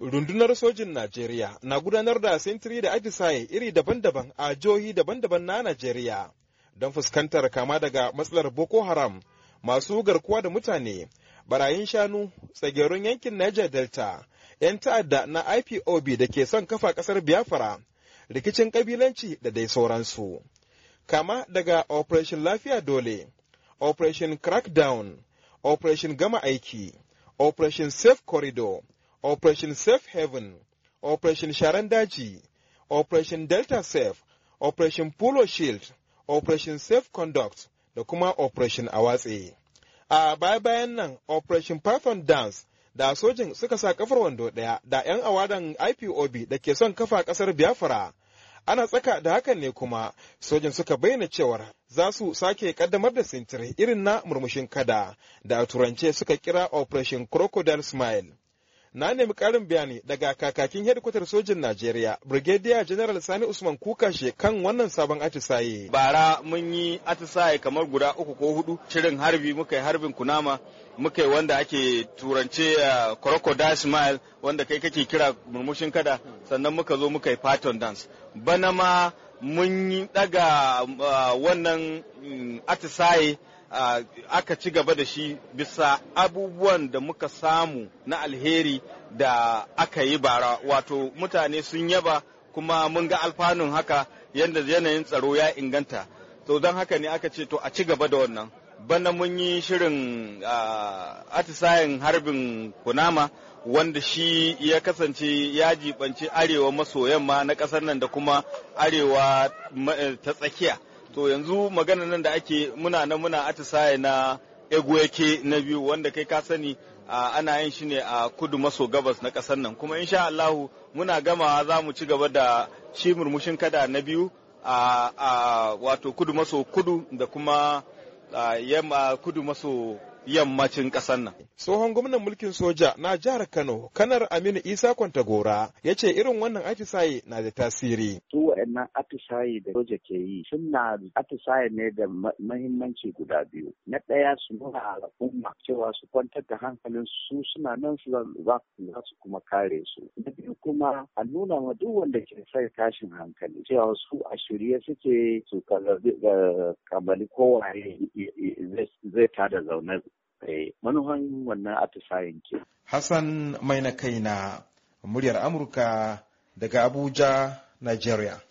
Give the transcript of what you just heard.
Rundunar sojin Najeriya na gudanar da sintiri da atisaye iri daban-daban a jihohi daban-daban na Najeriya don fuskantar kama daga matsalar Boko Haram masu garkuwa da mutane, barayin shanu, tsagerun yankin Niger Delta, 'yan ta'adda na IPOB da ke son kafa ƙasar Biafra, rikicin ƙabilanci da dai sauransu. Kama daga Operation Lafiya Dole, Operation Crackdown, Operation Gama Aiki, Operation Safe Corridor, Operation Safe Haven, Operation Sharan Daji, Operation Delta Safe, Operation Polo Shield, Operation Safe Conduct da kuma Operation Awatse. A baya-bayan nan Operation Python Dance da sojin suka sa kafar wando ɗaya da 'yan awadan IPOB da ke son kafa ƙasar Biafra. Ana tsaka da hakan ne kuma sojin suka bayyana cewar za su sake kaddamar da sintiri irin na murmushin kada da turance suka kira Operation Crocodile Smile. na nemi karin bayani daga kakakin hedikwatar sojin Najeriya, Brigadier General Sani Usman Kukashe kan wannan sabon atisaye. Bara mun yi atisaye kamar guda uku ko hudu, shirin harbi muka yi harbin kunama, muka yi wanda ake turance a uh, crocodile smile wanda kai kake kira murmushin kada, sannan muka zo muka yi Patton dance. Bana ma mun yi daga uh, wannan mm, atisaye aka ci gaba da shi bisa abubuwan da muka samu na alheri da aka yi bara wato mutane sun yaba kuma mun ga alfanun haka yadda yanayin tsaro ya inganta to don haka ne aka ce to a ci gaba da wannan bana mun yi shirin atisayen harbin kunama wanda shi ya kasance ya jibanci arewa maso yamma na ƙasar nan da kuma arewa eh, ta tsakiya to yanzu magana nan da ake muna nan muna atisaye na egweke na biyu wanda kai ka sani ana yin shi ne a kudu maso gabas na ƙasar nan kuma insha Allahu muna gama za mu ci gaba da shi murmushin kada na biyu a wato kudu maso kudu da kuma yamma kudu maso yammacin ƙasar nan. Tsohon gwamnan mulkin soja na jihar Kano, Kanar Aminu Isa Kwantagora, ya ce irin wannan atisaye na da tasiri. Su waɗannan atisaye da soja ke yi suna atisaye ne da mahimmanci guda biyu. Na ɗaya su nuna al'umma cewa su kwantar da hankalin su suna nan su za su kuma kare su. Na biyu kuma a nuna ma duk wanda ke sai tashin hankali cewa su a shirye suke su kamali kowa zai da zaune manufan wannan atisayen ke. Hassan mai na kaina muryar Amurka daga Abuja, Nigeria.